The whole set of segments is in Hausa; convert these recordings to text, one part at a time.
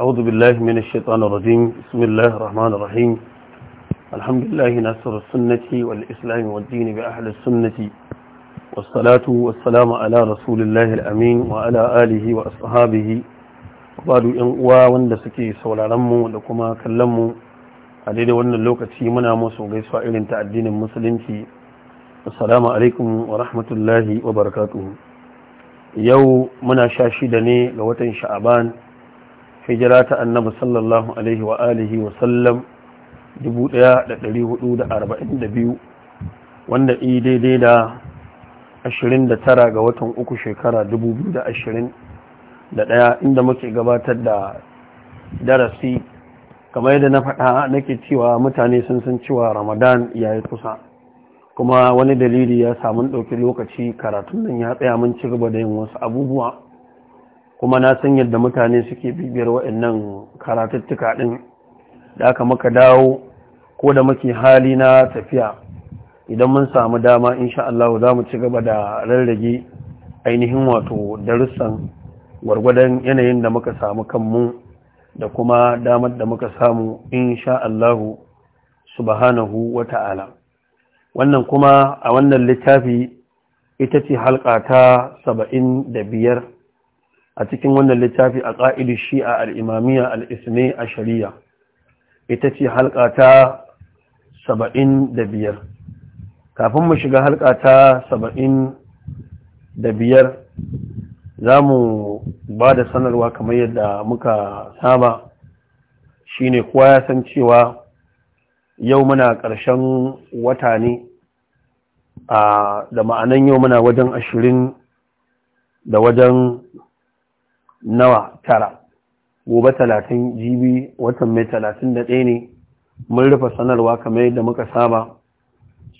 أعوذ بالله من الشيطان الرجيم بسم الله الرحمن الرحيم الحمد لله ناصر السنة والإسلام والدين بأهل السنة والصلاة والسلام على رسول الله الأمين وعلى آله وأصحابه وبعد ينقوى واندسكي سوال رمو لكما كلمو عليد وأن اللوكة منا موسو غيسوا إلين تعدين المسلم السلام عليكم ورحمة الله وبركاته يو منا شاشدني لوتن شعبان hijira ta annabi sallallahu alaihi wa alihi wa sallam 1442 wanda yi daidai da 29 ga watan uku shekara 2021 inda muke gabatar da darasi kamar yadda na faɗa nake cewa mutane sun san cewa ramadan ya yi kusa kuma wani dalili ya samu ɗauki lokaci karatun nan ya tsaya mun ci gaba da yin wasu abubuwa kuma na san yadda mutane suke bibiyar waɗannan karatuttuka ɗin da aka maka dawo ko da muke hali na tafiya idan mun samu dama insha Allah za mu ci gaba da rarrage ainihin wato darussan gwargwadon yanayin da muka samu kanmu da kuma damar da muka samu insha Allah subhanahu wa ta'ala wannan kuma a wannan littafi ita ce halka ta saba'in da biyar a cikin wannan littafi a shi shi'a al'imamiya al'isne a shari'a ita ce halka ta saba'in da biyar kafin mu shiga halka ta saba'in da biyar za mu ba da sanarwa kamar yadda muka saba ne kuwa ya san cewa yau muna ƙarshen wata ne da ma'anan yau muna wajen ashirin da wajen nawa tara gobe talatin jibi watan mai talatin da ɗaya ne mun rufe sanarwa kamar yadda muka saba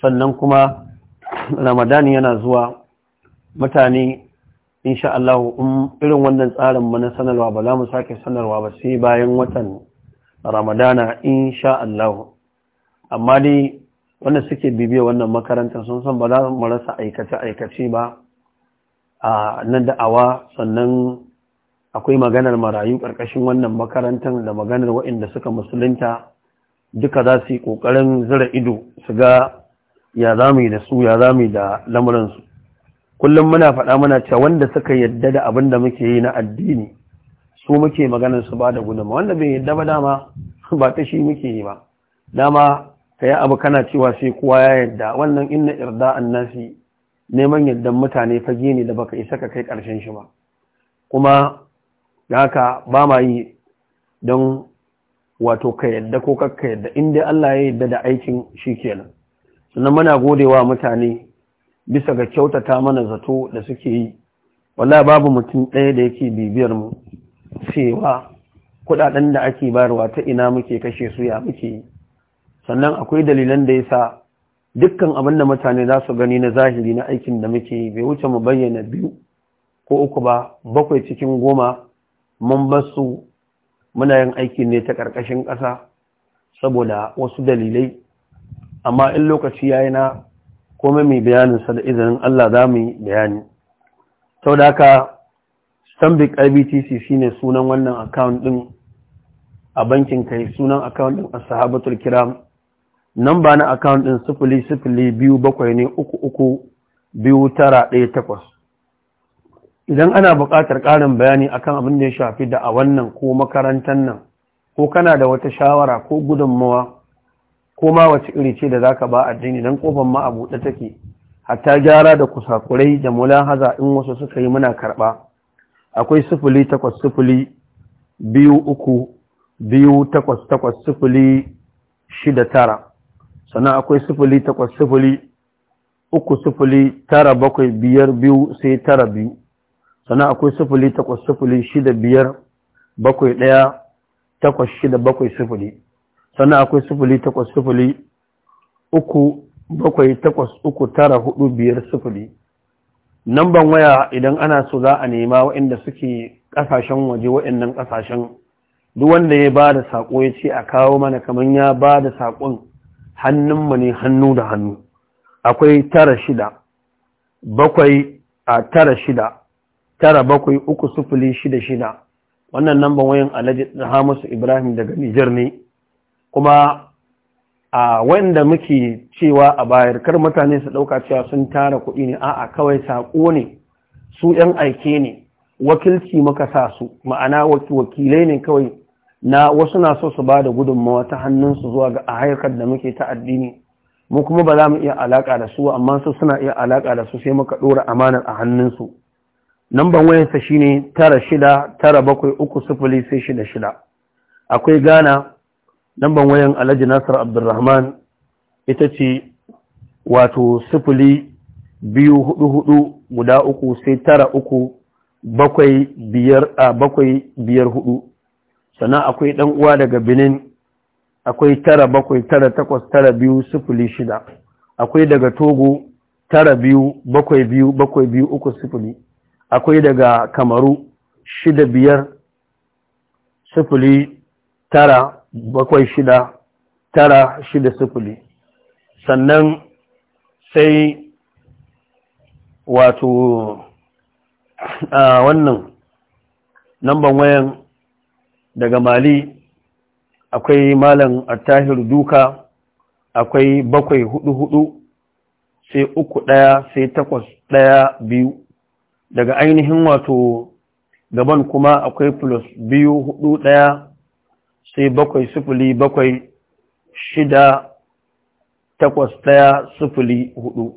sannan kuma ramadani yana zuwa mutane insha Allah irin wannan tsarin mana sanarwa ba za mu sake sanarwa ba sai bayan watan ramadana insha Allah amma dai wanda suke bibiya wannan makarantar sun san ba za mu rasa aikace-aikace ba a nan da'awa sannan akwai maganar marayu ƙarƙashin wannan makarantar da maganar waɗanda suka musulunta duka za su yi ƙoƙarin zira ido su ga ya za da su ya za da lamuransu kullum muna faɗa muna cewa wanda suka yadda da abin da muke yi na addini su muke maganar su ba da gudunma wanda bai yadda ba dama ba ta shi muke yi ba dama ka yi abu kana cewa sai kowa ya yadda wannan inna irda annasi neman yaddan mutane fage ne da baka isa ka kai ƙarshen shi ba kuma da haka ba ma yi don wato ka yadda ko kakka yadda inda Allah ya yadda da aikin shi kenan sannan muna wa mutane bisa ga kyautata mana zato da suke yi wallahi babu mutum ɗaya da yake bibiyar mu cewa kuɗaɗen da ake bayarwa ta ina muke kashe su ya muke yi sannan akwai dalilan da yasa dukkan abin da mutane za su gani na zahiri na aikin da muke yi bai wuce mu bayyana biyu ko uku ba bakwai cikin goma mun basu muna yin aiki ne ta ƙarƙashin ƙasa saboda wasu dalilai amma in lokaci ya yi na kome mai bayanin bayaninsa da izinin Allah za mu yi bayani sau da aka stanbic ibtc shine sunan wannan account ɗin a bankin kai sunan account ɗin a sahabatul kiram nan ba na account ɗin sifili sifili biyu bakwai ne uku uku biyu tara ɗaya takwas idan ana buƙatar ƙarin bayani akan abin da ya shafi da a wannan ko makarantar nan ko kana da wata shawara ko gudunmawa ko ma wace iri ce da zaka ba addini dan kofar ma a buɗe take hatta gyara da kusakurai da mulahaza in wasu suka yi muna karɓa akwai sifili takwas sifili biyu uku biyu takwas takwas sifili shida tara sannan akwai sifili takwas sifili uku sifili tara bakwai biyar biyu sai tara biyu sannan akwai sufuli takwas sufuli shida biyar bakwai ɗaya takwas shida bakwai sufuli sannan akwai sufuli takwas sufuli uku bakwai takwas uku tara hudu biyar sufuli namban waya idan ana so za a nema waɗanda suke ƙasashen waje waɗannan ƙasashen duk wanda ya ba da saƙo ya ce a kawo mana kamar ya ba da saƙon hannunmu ne hannu da hannu akwai tara shida bakwai a tara shida tara bakwai uku sufuli shida shida wannan namban wayan alhaji hamisu ibrahim daga nijar ne kuma a wanda muke cewa a bayar kar mutane su ɗauka cewa sun tara kuɗi ne a'a kawai saƙo ne su ‘yan aike ne wakilci muka sa su ma'ana wakilai ne kawai na wasu na so su ba da gudunmawa ta hannunsu zuwa ga a da muke ta addini mu kuma ba za mu iya alaka da su amma su suna iya alaka da su sai muka ɗora amanar a hannunsu namban wayansa shi ne tara shida tara bakwai uku sufuli sai shida shida akwai gana namban wayan alhaji nasir abdulrahman ita ce wato sufuli biyu hudu hudu guda uku sai tara uku bakwai biyar a bakwai biyar hudu sannan akwai dan uwa daga benin akwai tara bakwai tara takwas tara biyu sufuli shida akwai daga togo tara biyu bakwai biyu bakwai biyu uku sufuli akwai daga kamaru shida biyar sifili tara bakwai shida tara shida sifili sannan sai wato a wannan namban wayan daga mali akwai malam Tahir duka akwai bakwai hudu hudu sai uku daya sai takwas daya biyu daga ainihin wato gaban kuma akwai plus biyu hudu daya sai bakwai sufuli bakwai shida takwas daya sufuli hudu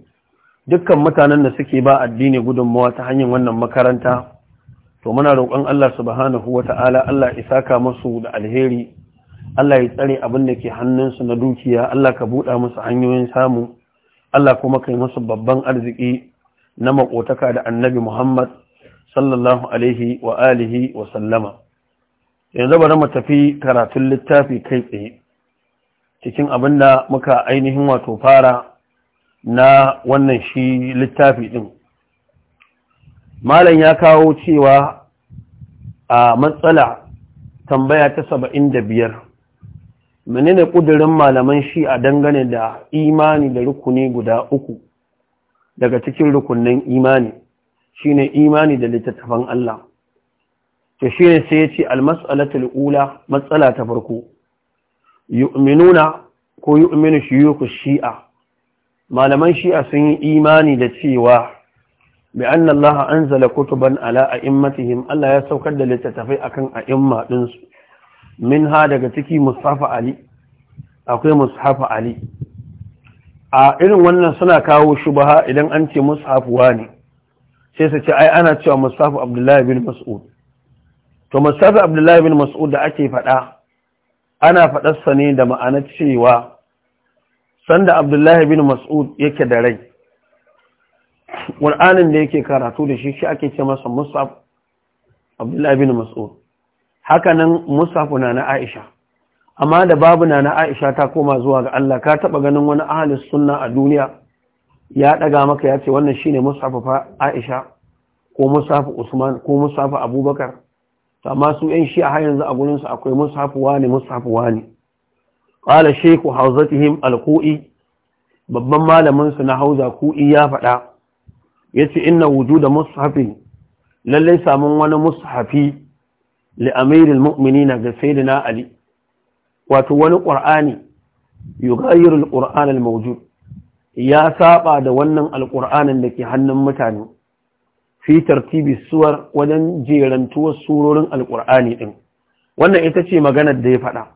dukkan mutanen da suke ba addini gudunmawa ta hanyar wannan makaranta to muna roƙon Allah subhanahu wata'ala Allah isa ka musu da alheri Allah ya tsare abin da ke hannunsu na dukiya Allah ka buɗa musu hanyoyin samu Allah kuma kai masu babban arziki na maƙotaka da annabi Muhammad sallallahu alaihi wa alihi wa sallama yanzu bari mu tafi karatun littafi kai tsaye cikin abin da muka ainihin wato fara na wannan shi littafi ɗin. malam ya kawo cewa a matsala tambaya ta saba'in da biyar menene ƙudurin malaman shi a dangane da imani da rukuni guda uku daga cikin rukunnan imani shine imani da littattafan Allah to shine sai yace almas'alatul ula matsala ta farko yu'minuna ko yu'minu shuyukh shi'a malaman shi'a sun yi imani da cewa bi anna Allah anzala kutuban ala a'immatihim Allah ya saukar da littattafai akan a'imma din su minha daga ciki mustafa ali akwai mushafa ali a irin wannan suna kawo shubaha idan an ce mushafuwa ne sai su ce ai ana cewa mushafu abdullahi bin mas'ud to mushafu abdullahi bin mas'ud da ake faɗa ana faɗarsa ne da ma'anar cewa sanda abdullahi bin mas'ud yake da rai qur'anin da yake karatu da shi shi ake ce masa mushafu abdullahi bin mas'ud hakanan mushafu na na aisha amma da babu na na Aisha ta koma zuwa ga Allah ka taba ganin wani ahlus sunna a duniya ya daga maka ya ce wannan shine mushafu Aisha ko mushafu Usman ko mushafu Abubakar amma su ɗan shi a yanzu a gurin su akwai mushafu wani mushafu wani qala shaykhu hawzatihim alqui babban malamin su na hauza ku'i ya faɗa yace inna wujuda mushafin lallai samun wani mushafi li amiril mu'minina ga sayyidina ali wato wani ƙur'ani yughayyiru al-qur'an al ya saba da wannan al da ke hannun mutane fi tartibi suwar wajen jerantuwar surorin al ɗin, wannan ita ce maganar da ya faɗa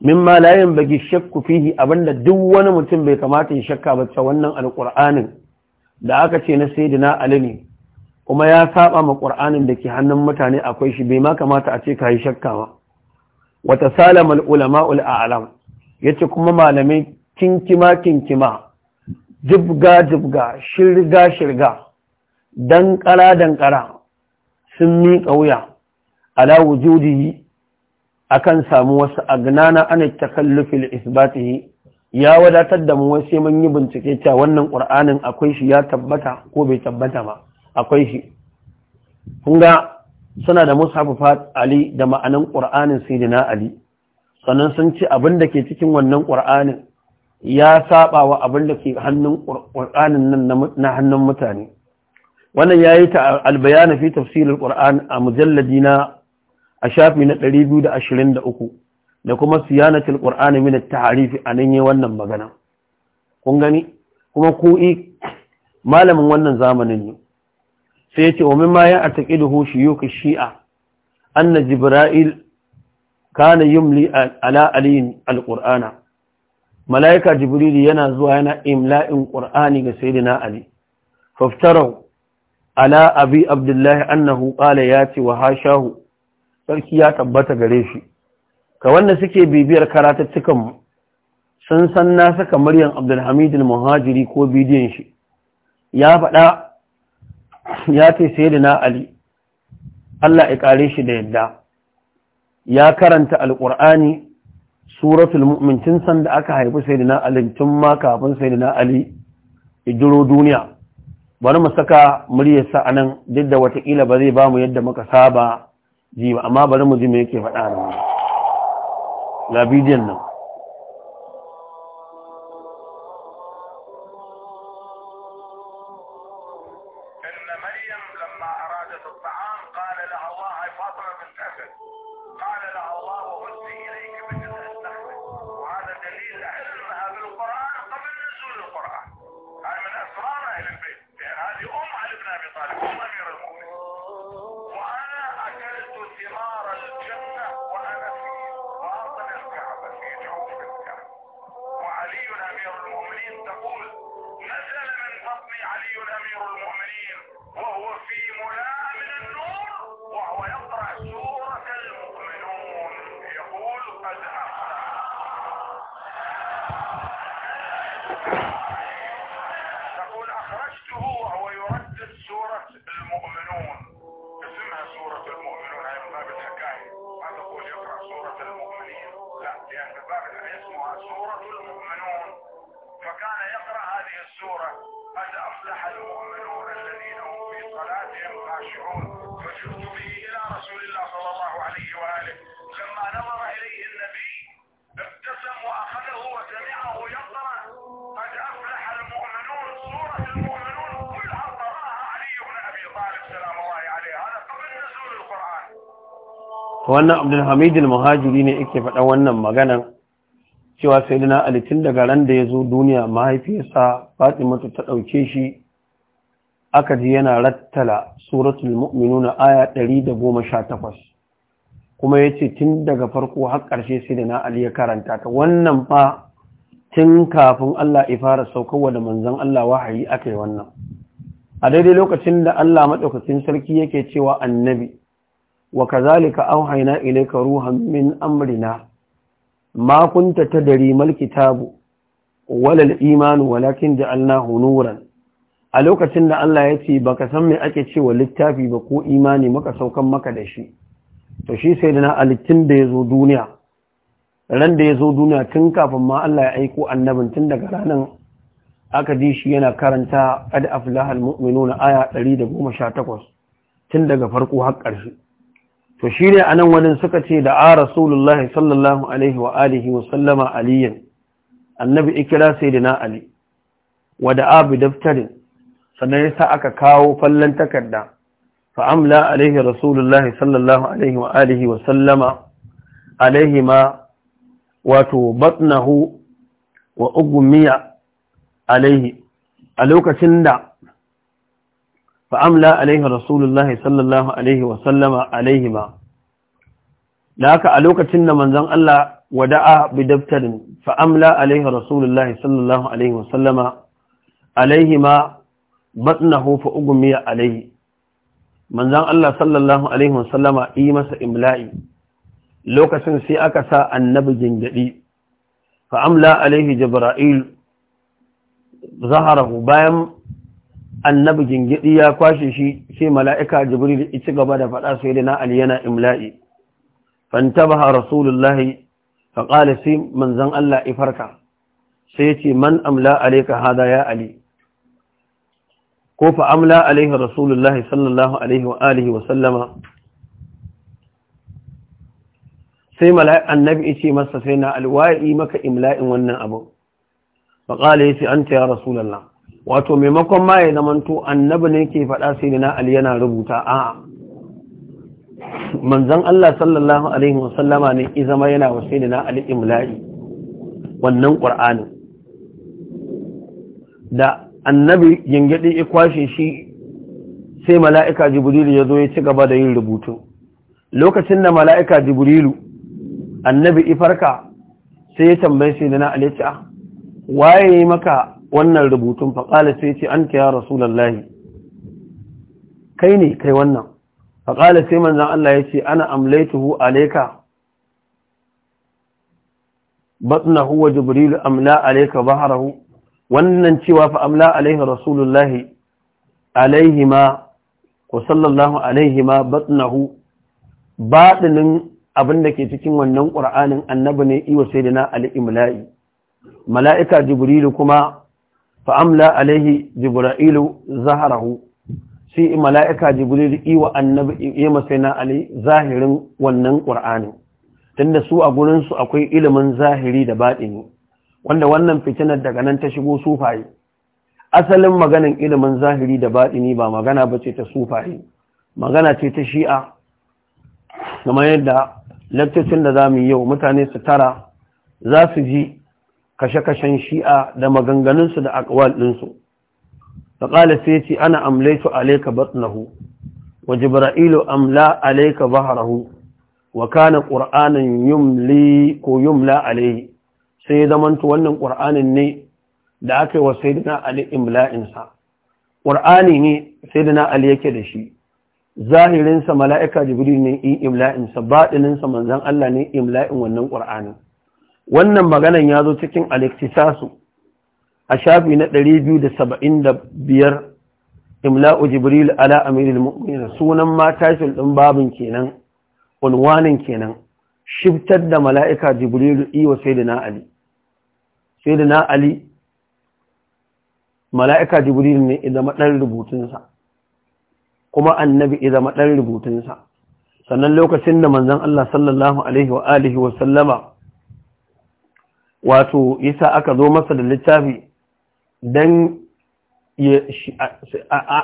mimma la bagi shakku fihi abinda duk wani mutum bai kamata ya shakka ba ta wannan al da aka ce na sayyidina ali ne kuma ya saba ma ƙur'anin da ke hannun mutane akwai shi bai ma kamata a ce ka yi shakka ba wata salamal ulama'ul a'lam yace kuma malamai kinkima kinkima jibga jibga shirga shirga dankara dankara sun miƙa wuya ala wujudihi akan samu wasu agnana ana takallufil isbatihi ya wadatar da mu sai mun yi bincike cewa wannan qur'anin akwai shi ya tabbata ko bai tabbata ba akwai shi kun ga suna da mushafu ali da ma'anin ƙur'anin sayyidina ali sannan sun ce abin da ke cikin wannan ƙur'anin ya saba wa abin da ke hannun ƙur'anin nan na hannun mutane wannan ya yi ta albayana fi tafsirin ƙur'an a mujalladi na a shafi na 223 da kuma siyanatul ƙur'ani min at-ta'rif nan yi wannan magana kun gani kuma ku malamin wannan zamanin ne sai yace wa ma ya ataqiduhu shuyuk shi'a anna jibril kana yumli ala aliyin alqur'ana malaika Jibrilu yana zuwa yana imla'in ƙur'ani ga sayyidina ali faftarau ala abi abdullahi annahu ya ce wa hashahu sarki ya tabbata gare shi ka wanda suke bibiyar karatattukan mu sun san na saka muryan abdulhamid muhajiri ko bidiyon shi ya faɗa ya ce sai da na ali Allah ya ƙare shi da yadda ya karanta alƙur'ani suratul mumincin san da aka haifi sai na ali tun ma kafin sai da na ali ijiro duniya bari mu saka muryarsa a nan duk da watakila ba zai ba mu yadda muka saba ji ba amma bari mu ji me yake faɗa nan ga bidiyon nan سورة المؤمنون فكان يقرأ هذه السورة قد أفلح المؤمنون الذين هم في صلاتهم خاشعون فجئت به إلى رسول الله صلى الله عليه وآله لما نظر إليه النبي ابتسم وأخذه وسمعه يقرأ قد أفلح المؤمنون سورة المؤمنون كلها قرأها علي بن أبي طالب سلام الله عليه هذا قبل نزول القرآن وانا عبد الحميد المهاجرين ne yake faɗa wannan cewa sai dina alitin daga ran da ya zo duniya mahaifiyarsa fatimatu ta ɗauke shi aka ji yana rattala suratul mu'minuna aya da 118 kuma ya ce tun daga farko har ƙarshe sai dina ali ya karanta ta wannan fa tun kafin Allah ya fara wa da manzan Allah wahayi aka yi wannan a daidai lokacin da Allah maɗaukacin sarki yake cewa annabi wa kazalika auhayna ilayka ruhan min amrina ma kunta tadri mal kitabu walal imanu walakin ja'alnahu nuran a lokacin da Allah ya ce baka san me ake cewa littafi ba ko imani maka saukan maka da shi to shi sai da na alittin da ya zo duniya ran da ya zo duniya tun kafin ma Allah ya aiko annabin tun daga ranar aka ji shi yana karanta ad aflahal mu'minuna aya 118 tun daga farko har ƙarshe to shi ne a nan wani suka ce da a rasulullah sallallahu alaihi wa alihi wa sallama aliyan annabi ikira sai da na ali wa da abu daftarin sannan ya sa aka kawo fallon takarda fa'amla alaihi rasulullah sallallahu alaihi wa alihi wa sallama alaihi ma wato batnahu wa ugumiya alaihi a lokacin da fa'amla alaihi rasulullah sallallahu alaihi wasallama alaihi ma da haka a lokacin da manzan Allah wada'a bi daftarin fa'amla alaihi rasulullah sallallahu alaihi wasallama alaihi ma batnahu fa ugumiya alaihi manzan Allah sallallahu alaihi wasallama yi masa imla'i lokacin sai aka sa annabi gingadi fa'amla alaihi jibra'il zaharahu bayan annabi gingidi ya kwashe shi sai mala'ika jibril ya ci gaba da faɗa sai da na ali yana imla'i fantabaha rasulullahi fa qala sai manzon Allah ifarka sai ya ce man amla alayka hada ya ali ko fa amla alayhi rasulullahi sallallahu alaihi wa alihi wa sallama sai mala'ika annabi ya ce masa sai na alwa'i maka imla'in wannan abu fa qala yace anta ya Rasulallah! wato maimakon ma ya zamanto annabi ne ke faɗa sai na ali yana rubuta a manzon Allah sallallahu alaihi wasallama ne i zama yana wa sai na ali imla'i wannan qur'anin da annabi yangade ya kwashe shi sai mala'ika jibrilu ya zo ya ci gaba da yin rubutu lokacin da mala'ika jibrilu annabi ifarka sai ya tambaye sai na ali ta ah, waye maka wannan rubutun faƙala sai ce an ya rasulallahi kai ne kai wannan faƙala sai manzan Allah ya ce ana amlaituhu alaika batnahu wa jibril amla alaika baharahu wannan cewa fa amla alaihi rasulullahi alaihi ma wa sallallahu alaihi ma batnahu baɗinin abin da ke cikin wannan ƙur'anin annabi ne iwa sai da na al'imla'i mala'ika jibrilu kuma fa'amla alaihi jibra'ilu zahrahu, sai mala'ika jibril yi wa annabi yi masai na ali zahirin wannan ƙur'ani tunda su a gurin su akwai ilimin zahiri da baɗini wanda wannan fitinar daga nan ta shigo sufaye asalin maganin ilimin zahiri da baɗini ba magana ba ce ta sufaye magana ce ta shi'a kamar yadda lakcocin da za mu yi yau mutane su tara za su ji kashe-kashen shi'a da maganganunsu da akwal ɗinsu da ƙala sai ce ana amlaitu alaika batnahu wa jibra'ilu amla alaika baharahu wa kana ƙur'anin yumli ko yumla alaihi sai ya zamantu wannan ƙur'anin ne da aka yi wa saidina ali imla'insa ƙur'ani ne saidina ali yake da shi zahirinsa mala'ika jibril ne in imla'insa baɗininsa manzan Allah ne imla'in wannan ƙur'anin wannan maganan ya zo cikin alexisasu a shafi na 275 imla'u jibril ala amiril mu'minin sunan ma tashin ɗin babin kenan unwanin kenan shiftar da mala'ika jibril iwa sai da na'ali sai da na'ali mala'ika jibril ne idan maɗan rubutunsa kuma annabi idan maɗan rubutunsa sannan lokacin da manzan Allah sallallahu Alaihi wa'alihi wasallama wato yasa aka zo masa da littafi dan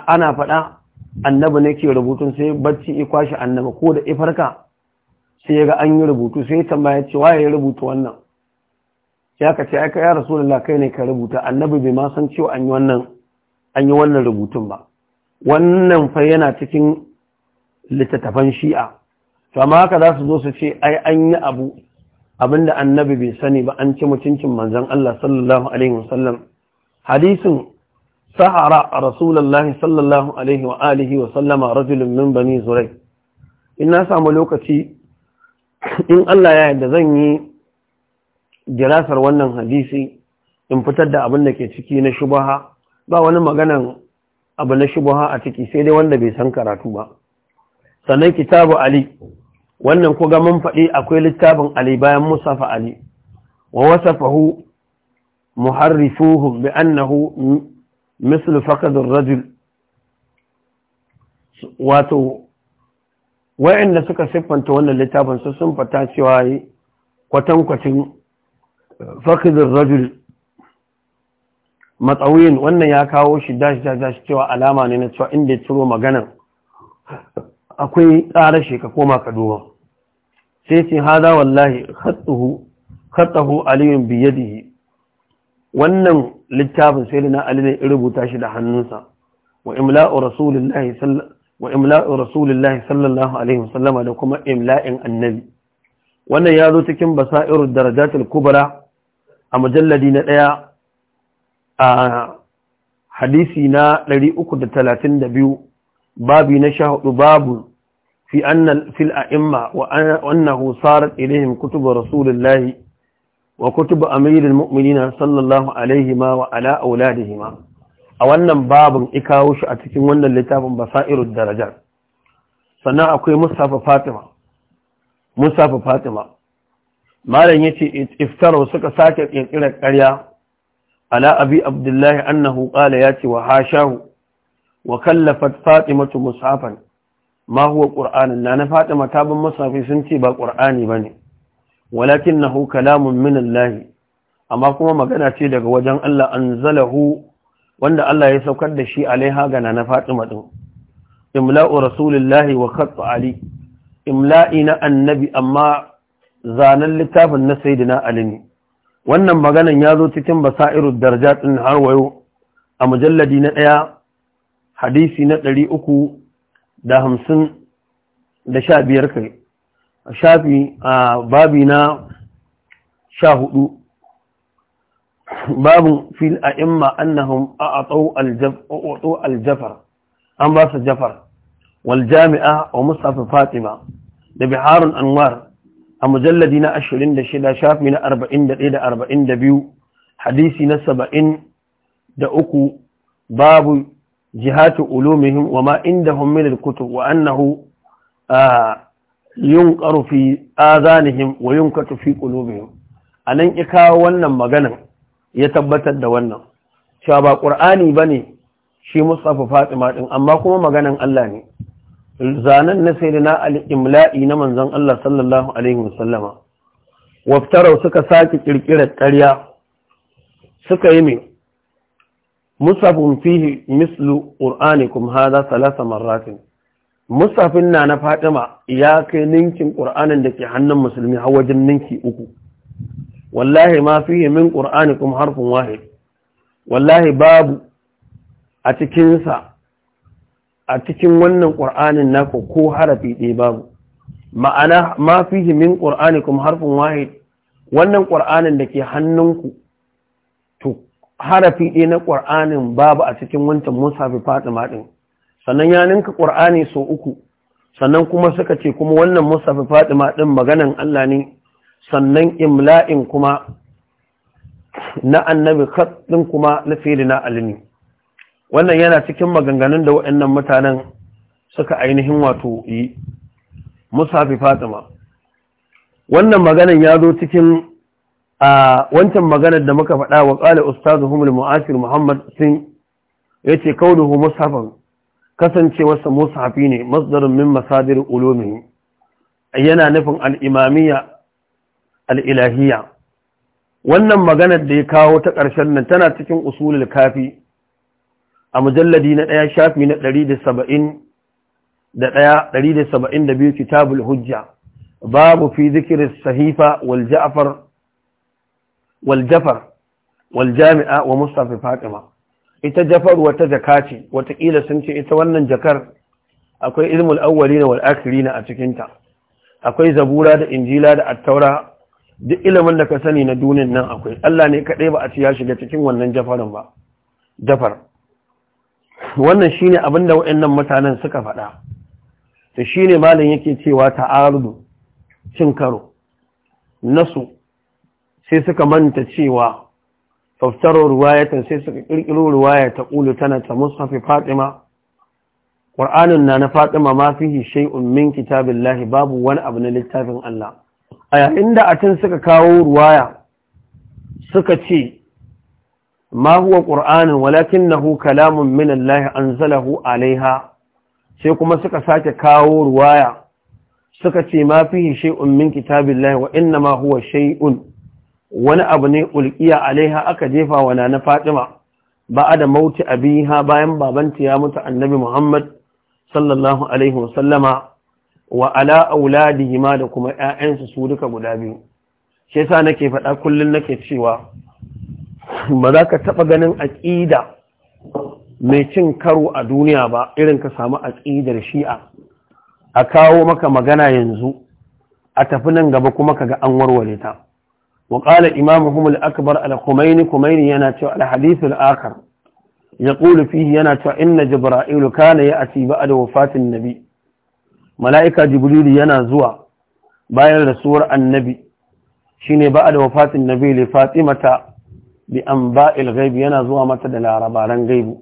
ana faɗa annabi ne ke rubutun sai bacci ya kwashi annabi ko da ifarka sai ya ga an yi rubutu sai ya tambaya ce waye ya rubuta wannan ya ka ce aika ya rasulullah kai ne ka rubuta annabi bai ma san cewa an yi wannan an yi wannan rubutun ba wannan fa yana cikin littattafan shi'a to amma haka za su zo su ce ai an yi abu Abin da annabi bai sani ba an ci mutuncin manzan Allah sallallahu alaihi wasallam hadisin sahara a sallallahu alaihi wa alihi wa rajulun min bani zurai in na samu lokaci in Allah ya yadda zan yi jirasar wannan hadisi in fitar da abin da ke ciki na shubaha ba wani maganan abu na shubaha a ciki sai dai wanda bai san karatu ba sannan kitabu ali wannan ku ga mun faɗi akwai littafin ali bayan musafa ali wa wasafahu muharrifuhu bi annahu mislu faqadur rajul wato wa'anda suka siffanta wannan littafin su sun fata cewa kwatankwacin faqidur rajul matsawin wannan ya kawo shi dashi dashi cewa alama ne na cewa inda ya ciro maganan akwai tsara shi ka koma ka duba sai ce hada wallahi khattahu aliyun biyadihi wannan littafin sai na ali ne rubuta shi da hannunsa wa imla'u rasulillahi sallallahu alaihi da kuma imla'in annabi wannan ya zo cikin basairu darajatul kubra a mujalladi na daya a hadisi na 332 babi na hudu babu fi annal fil a'imma wa annahu sarat ilaihim kutubu rasulillahi wa kutubu amiril mu'minina sallallahu alaihi ma wa ala auladihima a wannan babin ikawo shi a cikin wannan littafin basairud darajar sannan akwai mustafa fatima mustafa fatima malam yace iftaru suka sake kirkirar ƙarya ala abi abdullahi annahu qala yace wa shahu. wa kallafat fatimatu musafan. ma huwa qur'anin na na fatima ta masafi sun ce ba qur'ani bane nahu kalamun min Allah amma kuma magana ce daga wajen Allah anzalahu wanda Allah ya saukar da shi alaiha ga na fatima din imla'u rasulillahi wa khattu ali imla'i na annabi amma zanen littafin na sayyidina ali ne wannan maganan ya zo cikin basairu darajat din har wayo a mujalladi na ɗaya hadisi na uku. da hamsin da sha biyar kai a shafi a babi na sha hudu babin fil a imma annahum a atso aljafar an ba su jafar wal jami'a wa mustapha fatima da biharun anwar a mujalladi na ashirin da shida shafi na arba'in da ɗaya da arba'in da biyu hadisi na saba'in da uku babu jihatu ulumihim wa ma indahum min al wa annahu ah, yunqaru fi azanihim wa yunkatu fi qulubihim anan ya kawo wannan maganan ya tabbatar da wannan Sha ba qur'ani bane shi mustafa fatima din amma kuma maganan Allah ne Zanen na sayyidina al-imla'i na manzon Allah sallallahu waftarau suka sake kirkirar ƙarya suka yi mai musafin fihi mislu ƙur'anikum hada salasa marratin musafin na na fatima ya kai ninkin ƙur'anin da ke hannun musulmi har wajen ninki uku wallahi ma fihi min ƙur'anikum harfin wahid wallahi babu a cikinsa a cikin wannan ƙur'anin naku ko harafi ɗaya babu ma'ana ma fihi min ƙur'anikum harfin wahid wannan ƙur'anin da ke hannunku harafi ɗaya na ƙwar'anin babu a cikin wancan musafi fatima ɗin sannan ya ninka ƙwar'ani sau uku sannan kuma suka ce kuma wannan musafi fatima ɗin maganan Allah ne sannan imla'in kuma na annabi ɗin kuma na fili na alini wannan yana cikin maganganun da waɗannan mutanen suka ainihin wato yi musafi fatima wannan maganan ya zo cikin a wancan maganar da muka faɗa wa ƙala ustazu humul muasir Muhammad sun yace kaunuhu mushafan kasancewarsa mushafi ne masdarin min masadir ulumihi yana nufin al'imamiya, imamiyya wannan maganar da ya kawo ta ƙarshen nan tana cikin usulul kafi a mujalladi na ɗaya shafi na ɗari da saba'in da ɗaya ɗari da saba'in da biyu kitabul hujja babu fi zikirin sahifa wal ja'far Waljafar, Waljami'a wa mustafa fatima ita jafar wata jaka ce watakila sun ce ita wannan jakar akwai ilmul awwalina wal akhirina a cikin ta akwai zabura da injila da attaura duk ilimin da ka sani na duniyar nan akwai Allah ne kaɗai ba a ci ya shiga cikin wannan jafarin ba jafar wannan shine abin da waɗannan mutanen suka faɗa to shine malam yake cewa ta'arudu cin karo nasu sai suka manta cewa faftarar ruwayatan sai suka ƙirƙiro ruwaya ta ƙulu tana ta mushafi fatima ƙwar'anin na na fatima ma fihi shay'un kitabin lahi, babu wani abu na littafin Allah a yayin da atin suka kawo ruwaya suka ce ma huwa ƙwar'anin walakinnahu kalamun min Allah anzalahu alaiha sai kuma suka sake kawo ruwaya suka ce ma fihi shay'un min kitabillahi wa inna ma huwa shay'un wani abu ne ulkiya alaiha aka jefa wa Nana fatima ba da mauti abiha bayan babanta ya mutu annabi muhammad sallallahu alaihi wasallama wa ala da kuma ƴaƴansu su duka guda biyu shi yasa nake faɗa kullun nake cewa ba za ka taɓa ganin aƙida mai cin karo a duniya ba irin ka samu aƙidar shi'a a kawo maka magana yanzu a tafi nan gaba kuma ka ga an warware ta وقال إمامهم الأكبر الخميني خميني يناتع الحديث الآخر يقول فيه يناتع إن جبرائيل كان يأتي بعد وفاة النبي ملائكة جبريل ينازوا باير رسول النبي شيني بعد وفاة النبي لفاطمة بأنباء الغيب ينازوا متى للعرب عن غيب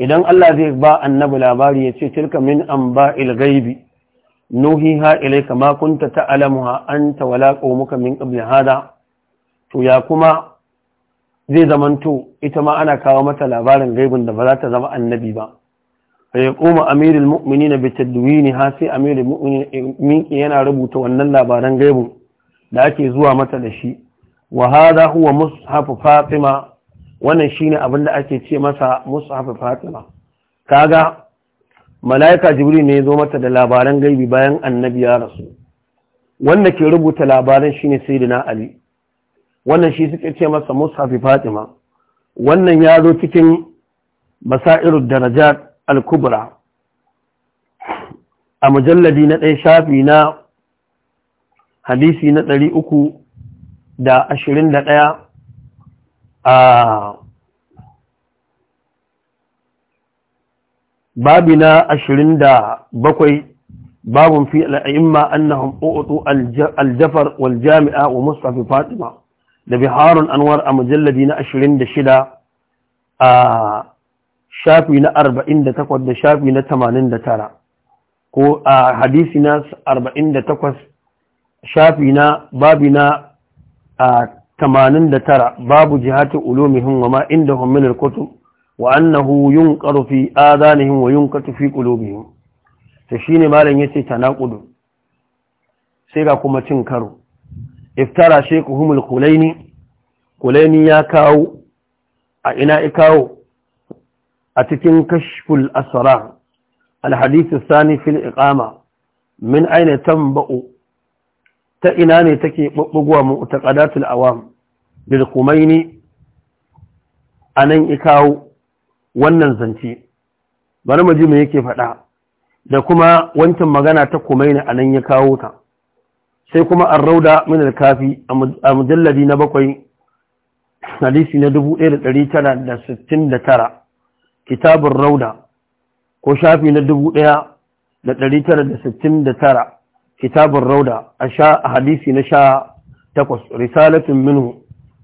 إذن الله ذي باء النبي لاباري يتشي تلك من أنباء الغيب نوهيها إليك ما كنت تعلمها أنت ولا قومك من قبل هذا to ya kuma zai zamanto ita ma ana kawo mata labarin gaibin da ba za ta zama annabi ba fa yaqumu amirul mu'minin bi ne ha sai amirul mu'minin yana rubuta wannan labaran gaibin da ake zuwa mata da shi wa hadha huwa mushaf fatima wannan shine abin da ake ce masa mushaf fatima kaga mala'ika jibril ne ya zo mata da labaran gaibi bayan annabi ya rasu wanda ke rubuta labaran shine sayyidina ali wannan shi suke ce masa mushafi fatima wannan ya zo cikin basairu darajat al-kubra a mujalladi na ɗaya shafi na hadisi na ɗari uku da ashirin da ɗaya a babi na ashirin da bakwai babun fi al'imma Annahun ƙo'otu aljafar waljami'a wa mustafi fatima da biharun anwar a mujalladi na 26 a shafi na 48 da shafi na 89 ko a hadisi na 48 shafi na babi na 89 babu jihati ulumihim wa ma indahum min kotu wa annahu yunqaru fi zanihin wa yunqatu fi Ta shi ne malam yace tanaqudu sai ga kuma cin karo iftara shekuhumul kulaini kulaini ya kawo a ina ikawo a cikin kashful asara alhadisu sani fil iqama min aina tamba'u ta ina ne take bubbuguwa mu'taqadatul awam bil kumaini anan ikawo wannan zance bari mu ji mu yake faɗa da kuma wancan magana ta kumaini anan ya kawo ta sai kuma rauda min alkafi a mujalladi na bakwai hadisi na 1969 kitabun rauda ko shafi na 1969 kitabun rauda a sha a hadisi na sha takwas risalatin minhu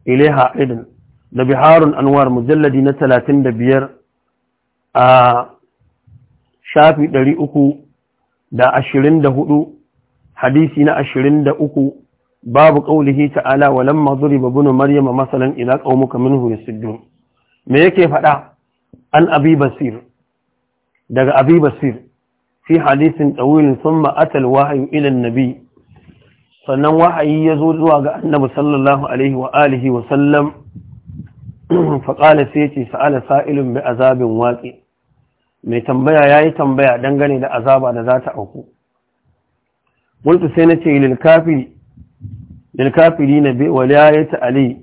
ilaiha idin da biharun anwar mujalladi na 35 a shafi da hudu. hadisi na ashirin da uku babu ƙaulihi ta'ala walamma zuriba bunu maryama masalan ila qaumuka minhu yasuddun me yake faɗa an abi basir daga abi basir fi hadisin tawil thumma ata alwahyu ila annabi sannan wahayi yazo zuwa ga annabi sallallahu alaihi wa alihi wa sallam fa qala sayati sa'ala sa'ilun bi azabin waqi mai tambaya yayi tambaya dangane da azaba da za ta auku qultu sai nace lil kafiri lil kafirina bi walayati ali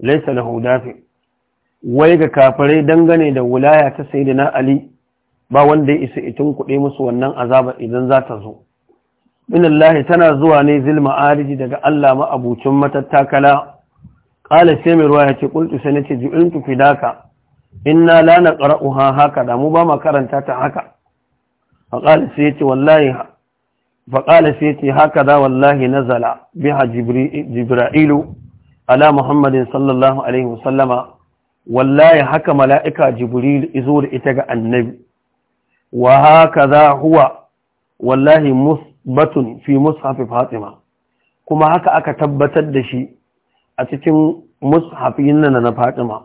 laysa lahu dafi wai ga kafirai dangane da wilaya ta na ali ba wanda ya isa itin kuɗe musu wannan azaba idan za ta zo min Allah tana zuwa ne zil ma'ariji daga Allah ma'abucin matattakala qala sai mai ruwa yace qultu sai nace ju'intu fidaka inna la ha haka da mu ba ma karanta ta haka fa qala sai ce wallahi faƙala sai ce haka za wallahi nazala biha jibra'ilu ala muhammadin sallallahu alaihi wasallama wallahi haka mala'ika jibril izo da ita ga annabi wa haka za huwa wallahi musbatun fi mushafi fatima kuma haka aka tabbatar da shi a cikin mushafin nan na fatima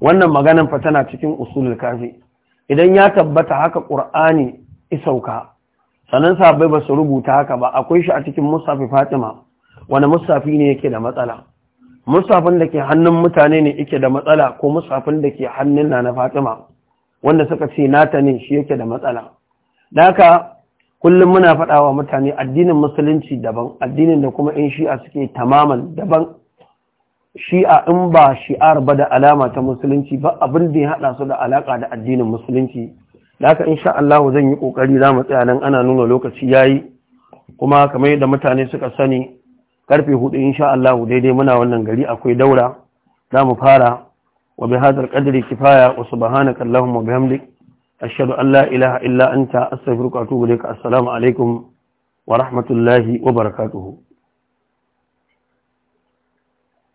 wannan maganan fa tana cikin usulul kafi idan ya tabbata haka qur'ani isauka sannan sahabbai ba su rubuta haka ba akwai shi a cikin Mustafi fatima wani Mustafi ne yake da matsala Mustafin da ke hannun mutane ne yake da matsala ko Mustafin da ke hannun na na fatima wanda suka ce nata ne shi yake da matsala da haka kullum muna faɗawa mutane addinin musulunci daban addinin da kuma in shi'a suke tamaman daban shi'a in ba shi'ar ba da alama ta musulunci ba abin da ya haɗa su da alaƙa da addinin musulunci da in insha Allah zan yi ƙoƙari za mu tsaya nan ana nuna lokaci ya yi kuma kamar yadda mutane suka sani karfe in insha Allah daidai muna wannan gari akwai daura za mu fara wa bi hadar qadri kifaya wa kallahu allahumma bihamdik ashhadu an la ilaha illa anta astaghfiruka wa atubu ilaik assalamu alaikum wa rahmatullahi wa barakatuhu